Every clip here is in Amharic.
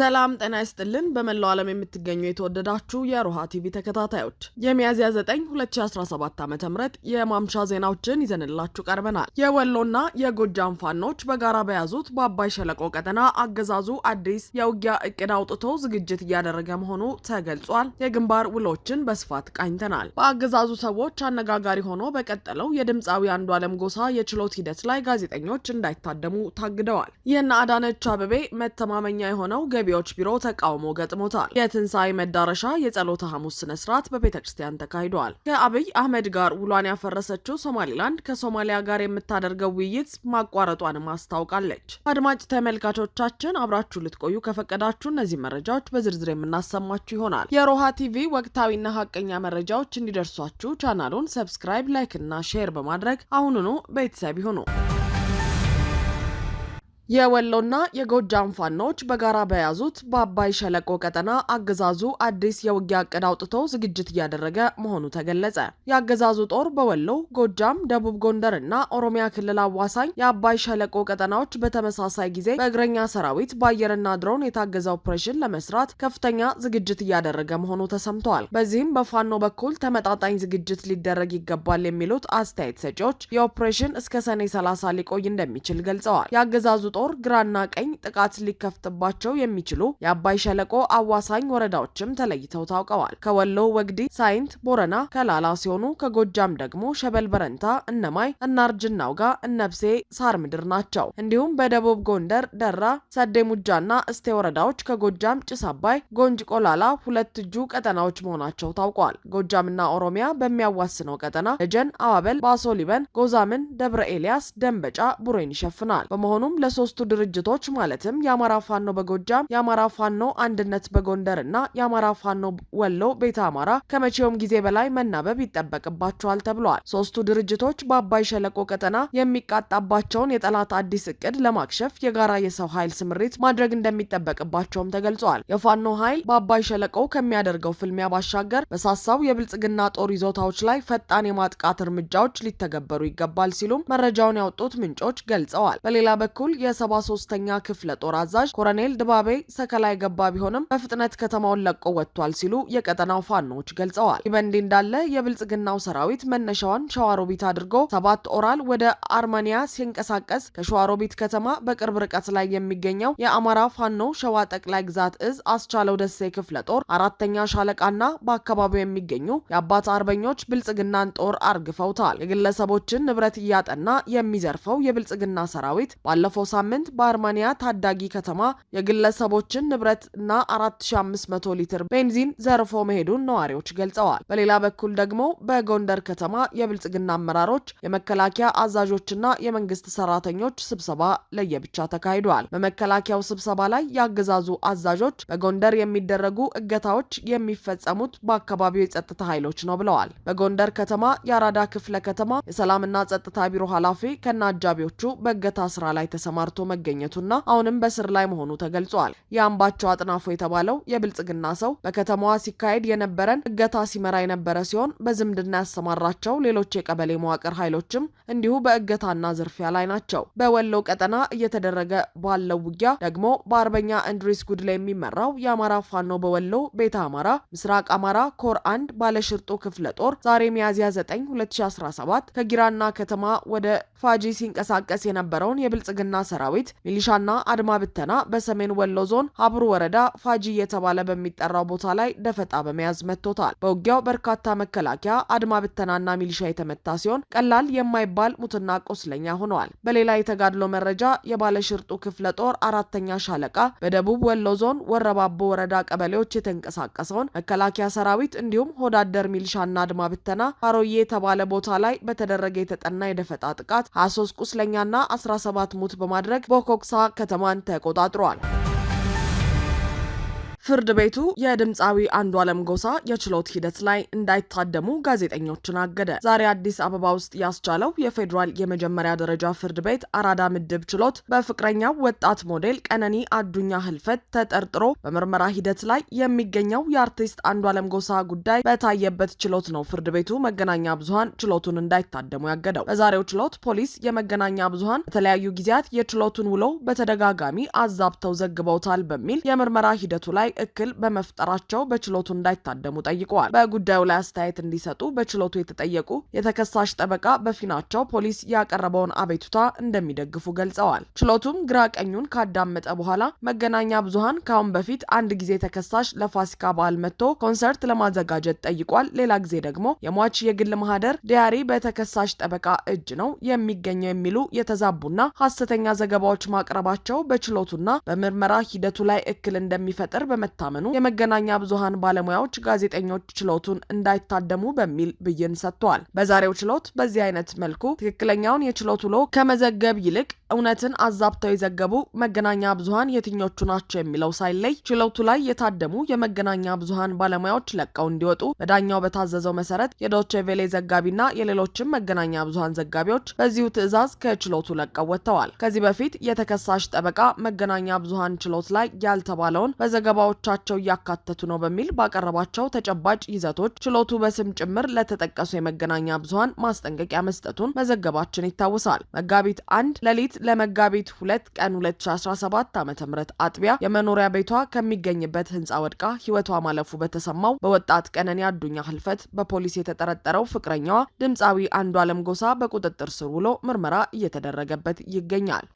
ሰላም ጤና ይስጥልን። በመላው ዓለም የምትገኙ የተወደዳችሁ የሮሃ ቲቪ ተከታታዮች የሚያዝያ 9 2017 ዓ ም የማምሻ ዜናዎችን ይዘንላችሁ ቀርበናል። የወሎና የጎጃም ፋኖች በጋራ በያዙት በአባይ ሸለቆ ቀጠና አገዛዙ አዲስ የውጊያ እቅድ አውጥቶ ዝግጅት እያደረገ መሆኑ ተገልጿል። የግንባር ውሎችን በስፋት ቃኝተናል። በአገዛዙ ሰዎች አነጋጋሪ ሆኖ በቀጠለው የድምፃዊ አንዱ ዓለም ጎሳ የችሎት ሂደት ላይ ጋዜጠኞች እንዳይታደሙ ታግደዋል። ይህን አዳነች አበቤ መተማመኛ የሆነው ገቢ ገቢዎች ቢሮ ተቃውሞ ገጥሞታል። የትንሣኤ መዳረሻ የጸሎተ ሐሙስ ስነ ስርዓት በቤተ ክርስቲያን ተካሂደዋል። ከአብይ አህመድ ጋር ውሏን ያፈረሰችው ሶማሊላንድ ከሶማሊያ ጋር የምታደርገው ውይይት ማቋረጧንም አስታውቃለች። አድማጭ ተመልካቾቻችን አብራችሁ ልትቆዩ ከፈቀዳችሁ እነዚህ መረጃዎች በዝርዝር የምናሰማችሁ ይሆናል። የሮሃ ቲቪ ወቅታዊና ሀቀኛ መረጃዎች እንዲደርሷችሁ ቻናሉን ሰብስክራይብ፣ ላይክ እና ሼር በማድረግ አሁኑኑ ቤተሰብ ይሁኑ። የወሎና የጎጃም ፋኖች በጋራ በያዙት በአባይ ሸለቆ ቀጠና አገዛዙ አዲስ የውጊያ እቅድ አውጥቶ ዝግጅት እያደረገ መሆኑ ተገለጸ። የአገዛዙ ጦር በወሎ፣ ጎጃም፣ ደቡብ ጎንደር እና ኦሮሚያ ክልል አዋሳኝ የአባይ ሸለቆ ቀጠናዎች በተመሳሳይ ጊዜ በእግረኛ ሰራዊት በአየርና ድሮን የታገዘ ኦፕሬሽን ለመስራት ከፍተኛ ዝግጅት እያደረገ መሆኑ ተሰምተዋል። በዚህም በፋኖ በኩል ተመጣጣኝ ዝግጅት ሊደረግ ይገባል የሚሉት አስተያየት ሰጪዎች የኦፕሬሽን እስከ ሰኔ 30 ሊቆይ እንደሚችል ገልጸዋል። የአገዛዙ ጦር ግራና ቀኝ ጥቃት ሊከፍትባቸው የሚችሉ የአባይ ሸለቆ አዋሳኝ ወረዳዎችም ተለይተው ታውቀዋል። ከወሎ ወግዲ፣ ሳይንት፣ ቦረና፣ ከላላ ሲሆኑ ከጎጃም ደግሞ ሸበል በረንታ፣ እነማይ፣ እናርጅናው ጋ፣ እነብሴ፣ ሳር ምድር ናቸው። እንዲሁም በደቡብ ጎንደር ደራ፣ ሰዴ ሙጃና እስቴ ወረዳዎች ከጎጃም ጭስ አባይ፣ ጎንጅ፣ ቆላላ ሁለት እጁ ቀጠናዎች መሆናቸው ታውቋል። ጎጃምና ኦሮሚያ በሚያዋስነው ቀጠና ደጀን፣ አዋበል፣ ባሶ ሊበን፣ ጎዛምን፣ ደብረ ኤልያስ፣ ደንበጫ፣ ቡሬን ይሸፍናል። በመሆኑም ለሶ ሶስቱ ድርጅቶች ማለትም የአማራ ፋኖ በጎጃም፣ የአማራ ፋኖ አንድነት በጎንደር እና የአማራ ፋኖ ወሎ ቤተ አማራ ከመቼውም ጊዜ በላይ መናበብ ይጠበቅባቸዋል ተብሏል። ሶስቱ ድርጅቶች በአባይ ሸለቆ ቀጠና የሚቃጣባቸውን የጠላት አዲስ እቅድ ለማክሸፍ የጋራ የሰው ኃይል ስምሪት ማድረግ እንደሚጠበቅባቸውም ተገልጿል። የፋኖ ኃይል በአባይ ሸለቆ ከሚያደርገው ፍልሚያ ባሻገር በሳሳው የብልጽግና ጦር ይዞታዎች ላይ ፈጣን የማጥቃት እርምጃዎች ሊተገበሩ ይገባል ሲሉም መረጃውን ያወጡት ምንጮች ገልጸዋል። በሌላ በኩል ሶስተኛ ክፍለ ጦር አዛዥ ኮሎኔል ድባቤ ሰከላ የገባ ቢሆንም በፍጥነት ከተማውን ለቆ ወጥቷል ሲሉ የቀጠናው ፋኖዎች ገልጸዋል። ይህ በእንዲህ እንዳለ የብልጽግናው ሰራዊት መነሻዋን ሸዋሮቢት አድርጎ ሰባት ኦራል ወደ አርመኒያ ሲንቀሳቀስ ከሸዋሮቢት ከተማ በቅርብ ርቀት ላይ የሚገኘው የአማራ ፋኖ ሸዋ ጠቅላይ ግዛት እዝ አስቻለው ደሴ ክፍለ ጦር አራተኛ ሻለቃና በአካባቢው የሚገኙ የአባት አርበኞች ብልጽግናን ጦር አርግፈውታል። የግለሰቦችን ንብረት እያጠና የሚዘርፈው የብልጽግና ሰራዊት ባለፈው ሳምንት በአርማንያ ታዳጊ ከተማ የግለሰቦችን ንብረት እና 4500 ሊትር ቤንዚን ዘርፎ መሄዱን ነዋሪዎች ገልጸዋል። በሌላ በኩል ደግሞ በጎንደር ከተማ የብልጽግና አመራሮች፣ የመከላከያ አዛዦችና የመንግስት ሰራተኞች ስብሰባ ለየብቻ ተካሂዷል። በመከላከያው ስብሰባ ላይ የአገዛዙ አዛዦች በጎንደር የሚደረጉ እገታዎች የሚፈጸሙት በአካባቢው የጸጥታ ኃይሎች ነው ብለዋል። በጎንደር ከተማ የአራዳ ክፍለ ከተማ የሰላምና ጸጥታ ቢሮ ኃላፊ ከነ አጃቢዎቹ በእገታ ስራ ላይ ተሰማር ተሰማርቶ መገኘቱና አሁንም በስር ላይ መሆኑ ተገልጿል። የአምባቸው አጥናፎ የተባለው የብልጽግና ሰው በከተማዋ ሲካሄድ የነበረን እገታ ሲመራ የነበረ ሲሆን በዝምድና ያሰማራቸው ሌሎች የቀበሌ መዋቅር ኃይሎችም እንዲሁ በእገታና ዝርፊያ ላይ ናቸው። በወሎ ቀጠና እየተደረገ ባለው ውጊያ ደግሞ በአርበኛ እንድሪስ ጉድላ የሚመራው የአማራ ፋኖ በወሎ ቤተ አማራ ምስራቅ አማራ ኮር አንድ ባለሽርጡ ክፍለ ጦር ዛሬ ሚያዝያ 9 2017 ከጊራና ከተማ ወደ ፋጂ ሲንቀሳቀስ የነበረውን የብልጽግና ሰ ሰራዊት ሚሊሻና አድማ ብተና በሰሜን ወሎ ዞን ሀብሩ ወረዳ ፋጂ እየተባለ በሚጠራው ቦታ ላይ ደፈጣ በመያዝ መጥቶታል። በውጊያው በርካታ መከላከያ አድማ ብተናና ሚሊሻ የተመታ ሲሆን ቀላል የማይባል ሙትና ቆስለኛ ሆነዋል። በሌላ የተጋድሎ መረጃ የባለሽርጡ ክፍለ ጦር አራተኛ ሻለቃ በደቡብ ወሎ ዞን ወረባቦ ወረዳ ቀበሌዎች የተንቀሳቀሰውን መከላከያ ሰራዊት እንዲሁም ሆዳደር ሚሊሻና አድማ ብተና አሮዬ የተባለ ቦታ ላይ በተደረገ የተጠና የደፈጣ ጥቃት 23 ቁስለኛና 17 ሙት በማድረግ በማድረግ ቦኮክሳ ከተማን ተቆጣጥሯል። ፍርድ ቤቱ የድምፃዊ አንዱዓለም ጎሳ የችሎት ሂደት ላይ እንዳይታደሙ ጋዜጠኞችን አገደ። ዛሬ አዲስ አበባ ውስጥ ያስቻለው የፌዴራል የመጀመሪያ ደረጃ ፍርድ ቤት አራዳ ምድብ ችሎት በፍቅረኛው ወጣት ሞዴል ቀነኒ አዱኛ ህልፈት ተጠርጥሮ በምርመራ ሂደት ላይ የሚገኘው የአርቲስት አንዱዓለም ጎሳ ጉዳይ በታየበት ችሎት ነው ፍርድ ቤቱ መገናኛ ብዙኃን ችሎቱን እንዳይታደሙ ያገደው። በዛሬው ችሎት ፖሊስ የመገናኛ ብዙሀን በተለያዩ ጊዜያት የችሎቱን ውሎ በተደጋጋሚ አዛብተው ዘግበውታል በሚል የምርመራ ሂደቱ ላይ እክል በመፍጠራቸው በችሎቱ እንዳይታደሙ ጠይቀዋል። በጉዳዩ ላይ አስተያየት እንዲሰጡ በችሎቱ የተጠየቁ የተከሳሽ ጠበቃ በፊናቸው ፖሊስ ያቀረበውን አቤቱታ እንደሚደግፉ ገልጸዋል። ችሎቱም ግራ ቀኙን ካዳመጠ በኋላ መገናኛ ብዙሃን ከአሁን በፊት አንድ ጊዜ ተከሳሽ ለፋሲካ በዓል መጥቶ ኮንሰርት ለማዘጋጀት ጠይቋል። ሌላ ጊዜ ደግሞ የሟች የግል ማህደር ዲያሪ በተከሳሽ ጠበቃ እጅ ነው የሚገኘው የሚሉ የተዛቡና ሀሰተኛ ዘገባዎች ማቅረባቸው በችሎቱና በምርመራ ሂደቱ ላይ እክል እንደሚፈጥር በመ መታመኑ የመገናኛ ብዙሃን ባለሙያዎች ጋዜጠኞች ችሎቱን እንዳይታደሙ በሚል ብይን ሰጥቷል። በዛሬው ችሎት በዚህ አይነት መልኩ ትክክለኛውን የችሎት ውሎ ከመዘገብ ይልቅ እውነትን አዛብተው የዘገቡ መገናኛ ብዙኃን የትኞቹ ናቸው የሚለው ሳይለይ ችሎቱ ላይ የታደሙ የመገናኛ ብዙሃን ባለሙያዎች ለቀው እንዲወጡ በዳኛው በታዘዘው መሰረት የዶቼ ቬሌ ዘጋቢና የሌሎችም መገናኛ ብዙሃን ዘጋቢዎች በዚሁ ትዕዛዝ ከችሎቱ ለቀው ወጥተዋል። ከዚህ በፊት የተከሳሽ ጠበቃ መገናኛ ብዙኃን ችሎት ላይ ያልተባለውን በዘገባዎች ሀሳቦቻቸው እያካተቱ ነው በሚል ባቀረባቸው ተጨባጭ ይዘቶች ችሎቱ በስም ጭምር ለተጠቀሱ የመገናኛ ብዙኃን ማስጠንቀቂያ መስጠቱን መዘገባችን ይታወሳል። መጋቢት አንድ ሌሊት ለመጋቢት ሁለት ቀን 2017 ዓ ም አጥቢያ የመኖሪያ ቤቷ ከሚገኝበት ህንፃ ወድቃ ህይወቷ ማለፉ በተሰማው በወጣት ቀነኒ አዱኛ ህልፈት በፖሊስ የተጠረጠረው ፍቅረኛዋ ድምፃዊ አንዱ አለም ጎሳ በቁጥጥር ስር ውሎ ምርመራ እየተደረገበት ይገኛል።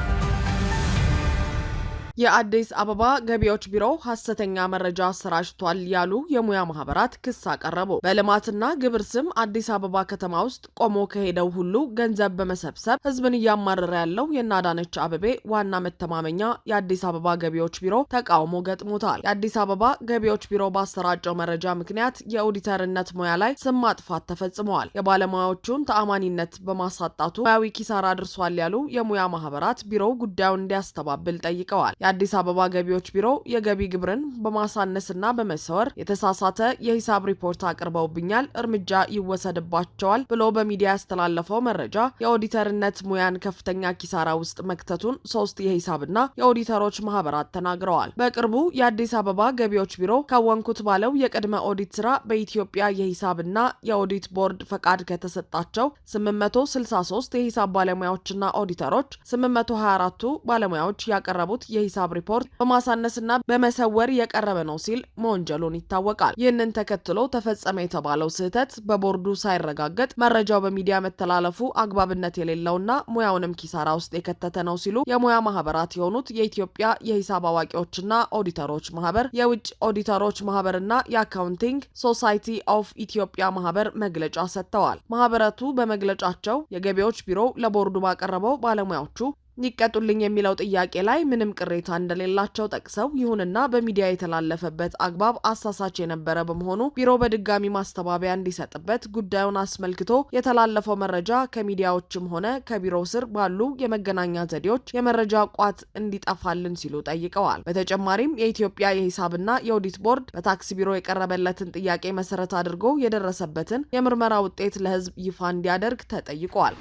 የአዲስ አበባ ገቢዎች ቢሮ ሀሰተኛ መረጃ አሰራጭቷል ያሉ የሙያ ማህበራት ክስ አቀረቡ። በልማትና ግብር ስም አዲስ አበባ ከተማ ውስጥ ቆሞ ከሄደው ሁሉ ገንዘብ በመሰብሰብ ህዝብን እያማረረ ያለው የናዳነች አበቤ ዋና መተማመኛ የአዲስ አበባ ገቢዎች ቢሮ ተቃውሞ ገጥሞታል። የአዲስ አበባ ገቢዎች ቢሮ ባሰራጨው መረጃ ምክንያት የኦዲተርነት ሙያ ላይ ስም ማጥፋት ተፈጽመዋል። የባለሙያዎቹን ተአማኒነት በማሳጣቱ ሙያዊ ኪሳራ አድርሷል ያሉ የሙያ ማህበራት ቢሮው ጉዳዩን እንዲያስተባብል ጠይቀዋል። የአዲስ አበባ ገቢዎች ቢሮ የገቢ ግብርን በማሳነስና በመሰወር የተሳሳተ የሂሳብ ሪፖርት አቅርበውብኛል፣ እርምጃ ይወሰድባቸዋል ብሎ በሚዲያ ያስተላለፈው መረጃ የኦዲተርነት ሙያን ከፍተኛ ኪሳራ ውስጥ መክተቱን ሶስት የሂሳብና የኦዲተሮች ማህበራት ተናግረዋል። በቅርቡ የአዲስ አበባ ገቢዎች ቢሮ ከወንኩት ባለው የቅድመ ኦዲት ስራ በኢትዮጵያ የሂሳብና የኦዲት ቦርድ ፈቃድ ከተሰጣቸው 863 የሂሳብ ባለሙያዎችና ኦዲተሮች 824ቱ ባለሙያዎች ያቀረቡት የሂሳብ ሂሳብ ሪፖርት በማሳነስና በመሰወር የቀረበ ነው ሲል መወንጀሉን ይታወቃል። ይህንን ተከትሎ ተፈጸመ የተባለው ስህተት በቦርዱ ሳይረጋገጥ መረጃው በሚዲያ መተላለፉ አግባብነት የሌለውና ሙያውንም ኪሳራ ውስጥ የከተተ ነው ሲሉ የሙያ ማህበራት የሆኑት የኢትዮጵያ የሂሳብ አዋቂዎችና ኦዲተሮች ማህበር፣ የውጭ ኦዲተሮች ማህበርና የአካውንቲንግ ሶሳይቲ ኦፍ ኢትዮጵያ ማህበር መግለጫ ሰጥተዋል። ማህበረቱ በመግለጫቸው የገቢዎች ቢሮ ለቦርዱ ባቀረበው ባለሙያዎቹ ይቀጡልኝ የሚለው ጥያቄ ላይ ምንም ቅሬታ እንደሌላቸው ጠቅሰው ይሁንና በሚዲያ የተላለፈበት አግባብ አሳሳች የነበረ በመሆኑ ቢሮ በድጋሚ ማስተባበያ እንዲሰጥበት ጉዳዩን አስመልክቶ የተላለፈው መረጃ ከሚዲያዎችም ሆነ ከቢሮ ስር ባሉ የመገናኛ ዘዴዎች የመረጃ ቋት እንዲጠፋልን ሲሉ ጠይቀዋል። በተጨማሪም የኢትዮጵያ የሂሳብና የኦዲት ቦርድ በታክስ ቢሮ የቀረበለትን ጥያቄ መሰረት አድርጎ የደረሰበትን የምርመራ ውጤት ለሕዝብ ይፋ እንዲያደርግ ተጠይቋል።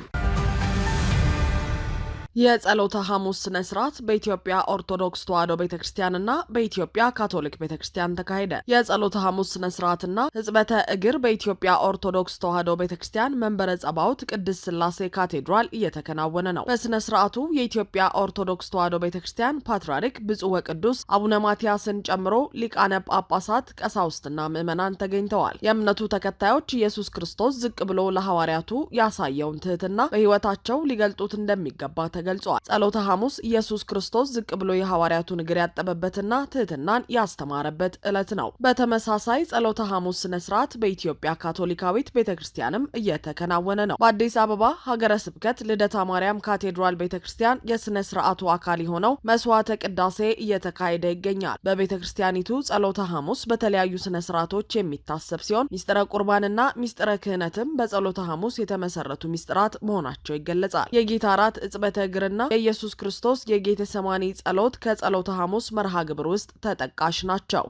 የጸሎተ ሐሙስ ስነ ስርዓት በኢትዮጵያ ኦርቶዶክስ ተዋሕዶ ቤተ ክርስቲያንና በኢትዮጵያ ካቶሊክ ቤተ ክርስቲያን ተካሄደ። የጸሎተ ሐሙስ ስነ ስርዓትና ሕጽበተ እግር በኢትዮጵያ ኦርቶዶክስ ተዋሕዶ ቤተ ክርስቲያን መንበረ ጸባውት ቅድስት ስላሴ ካቴድራል እየተከናወነ ነው። በስነ ስርዓቱ የኢትዮጵያ ኦርቶዶክስ ተዋሕዶ ቤተ ክርስቲያን ፓትርያርክ ብፁዕ ወቅዱስ አቡነ ማትያስን ጨምሮ ሊቃነ ጳጳሳት፣ ቀሳውስትና ምዕመናን ተገኝተዋል። የእምነቱ ተከታዮች ኢየሱስ ክርስቶስ ዝቅ ብሎ ለሐዋርያቱ ያሳየውን ትህትና በሕይወታቸው ሊገልጡት እንደሚገባ ተገልጿል። ጸሎተ ሐሙስ ኢየሱስ ክርስቶስ ዝቅ ብሎ የሐዋርያቱን እግር ያጠበበትና ትህትናን ያስተማረበት ዕለት ነው። በተመሳሳይ ጸሎተ ሐሙስ ስነ ስርዓት በኢትዮጵያ ካቶሊካዊት ቤተ ክርስቲያንም እየተከናወነ ነው። በአዲስ አበባ ሀገረ ስብከት ልደታ ማርያም ካቴድራል ቤተ ክርስቲያን የስነ ስርዓቱ አካል የሆነው መስዋዕተ ቅዳሴ እየተካሄደ ይገኛል። በቤተ ክርስቲያኒቱ ጸሎተ ሐሙስ በተለያዩ ስነ ስርዓቶች የሚታሰብ ሲሆን ሚስጥረ ቁርባንና ሚስጥረ ክህነትም በጸሎተ ሐሙስ የተመሰረቱ ሚስጥራት መሆናቸው ይገለጻል። የጌታ አራት እጽበተ የሚያስቸግርና የኢየሱስ ክርስቶስ የጌተሰማኒ ጸሎት ከጸሎተ ሐሙስ መርሃ ግብር ውስጥ ተጠቃሽ ናቸው።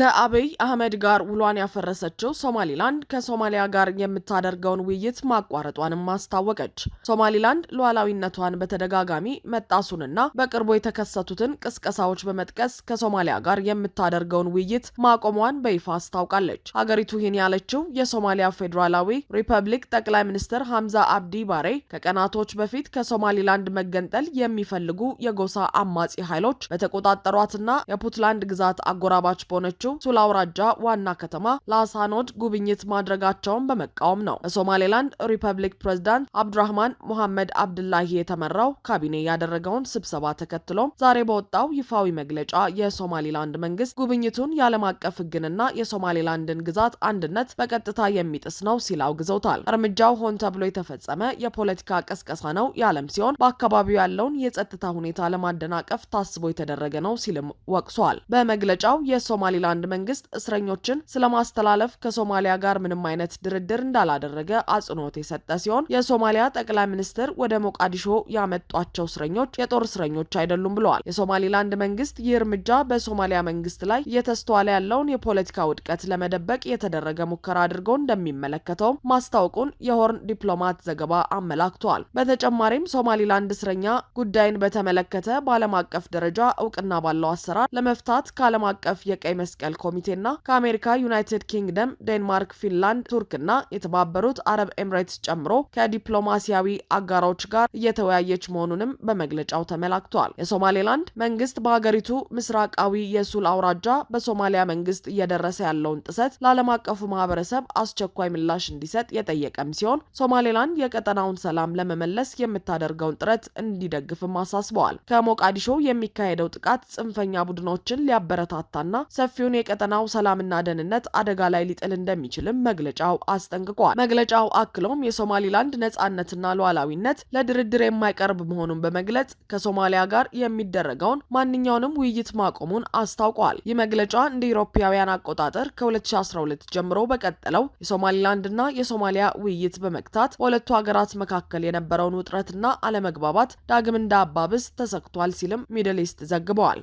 ከአብይ አህመድ ጋር ውሏን ያፈረሰችው ሶማሊላንድ ከሶማሊያ ጋር የምታደርገውን ውይይት ማቋረጧንም አስታወቀች። ሶማሊላንድ ሉዓላዊነቷን በተደጋጋሚ መጣሱንና በቅርቡ የተከሰቱትን ቅስቀሳዎች በመጥቀስ ከሶማሊያ ጋር የምታደርገውን ውይይት ማቆሟን በይፋ አስታውቃለች። ሀገሪቱ ይህን ያለችው የሶማሊያ ፌዴራላዊ ሪፐብሊክ ጠቅላይ ሚኒስትር ሐምዛ አብዲ ባሬ ከቀናቶች በፊት ከሶማሊላንድ መገንጠል የሚፈልጉ የጎሳ አማጺ ኃይሎች በተቆጣጠሯትና የፑትላንድ ግዛት አጎራባች በሆነችው በሆነችው ሱላ አውራጃ ዋና ከተማ ላሳኖድ ጉብኝት ማድረጋቸውን በመቃወም ነው። በሶማሌላንድ ሪፐብሊክ ፕሬዚዳንት አብዱራህማን ሙሐመድ አብድላሂ የተመራው ካቢኔ ያደረገውን ስብሰባ ተከትሎም ዛሬ በወጣው ይፋዊ መግለጫ የሶማሌላንድ መንግስት ጉብኝቱን የዓለም አቀፍ ሕግንና የሶማሌላንድን ግዛት አንድነት በቀጥታ የሚጥስ ነው ሲል አውግዘውታል። እርምጃው ሆን ተብሎ የተፈጸመ የፖለቲካ ቀስቀሳ ነው ያለም ሲሆን በአካባቢው ያለውን የጸጥታ ሁኔታ ለማደናቀፍ ታስቦ የተደረገ ነው ሲልም ወቅሷል። በመግለጫው የሶማሌላንድ የሶማሌላንድ መንግስት እስረኞችን ስለማስተላለፍ ከሶማሊያ ጋር ምንም አይነት ድርድር እንዳላደረገ አጽንኦት የሰጠ ሲሆን የሶማሊያ ጠቅላይ ሚኒስትር ወደ ሞቃዲሾ ያመጧቸው እስረኞች የጦር እስረኞች አይደሉም ብለዋል። የሶማሊላንድ መንግስት ይህ እርምጃ በሶማሊያ መንግስት ላይ እየተስተዋለ ያለውን የፖለቲካ ውድቀት ለመደበቅ የተደረገ ሙከራ አድርጎ እንደሚመለከተውም ማስታወቁን የሆርን ዲፕሎማት ዘገባ አመላክቷል። በተጨማሪም ሶማሊላንድ እስረኛ ጉዳይን በተመለከተ በዓለም አቀፍ ደረጃ እውቅና ባለው አሰራር ለመፍታት ከዓለም አቀፍ የቀይ መስ መስቀል ኮሚቴና ከአሜሪካ፣ ዩናይትድ ኪንግደም፣ ዴንማርክ፣ ፊንላንድ፣ ቱርክና የተባበሩት አረብ ኤምሬትስ ጨምሮ ከዲፕሎማሲያዊ አጋሮች ጋር እየተወያየች መሆኑንም በመግለጫው ተመላክቷል። የሶማሌላንድ መንግስት በሀገሪቱ ምስራቃዊ የሱል አውራጃ በሶማሊያ መንግስት እየደረሰ ያለውን ጥሰት ለዓለም አቀፉ ማህበረሰብ አስቸኳይ ምላሽ እንዲሰጥ የጠየቀም ሲሆን ሶማሌላንድ የቀጠናውን ሰላም ለመመለስ የምታደርገውን ጥረት እንዲደግፍም አሳስበዋል። ከሞቃዲሾ የሚካሄደው ጥቃት ጽንፈኛ ቡድኖችን ሊያበረታታና ሰፊውን አካባቢውን የቀጠናው ሰላምና ደህንነት አደጋ ላይ ሊጥል እንደሚችልም መግለጫው አስጠንቅቋል። መግለጫው አክሎም የሶማሊላንድ ነጻነትና ሉዓላዊነት ለድርድር የማይቀርብ መሆኑን በመግለጽ ከሶማሊያ ጋር የሚደረገውን ማንኛውንም ውይይት ማቆሙን አስታውቋል። ይህ መግለጫ እንደ ኢሮፓውያን አቆጣጠር ከ2012 ጀምሮ በቀጠለው የሶማሊላንድና የሶማሊያ ውይይት በመግታት በሁለቱ ሀገራት መካከል የነበረውን ውጥረትና አለመግባባት ዳግም እንዳባብስ ተሰክቷል ሲልም ሚድል ኢስት ዘግበዋል።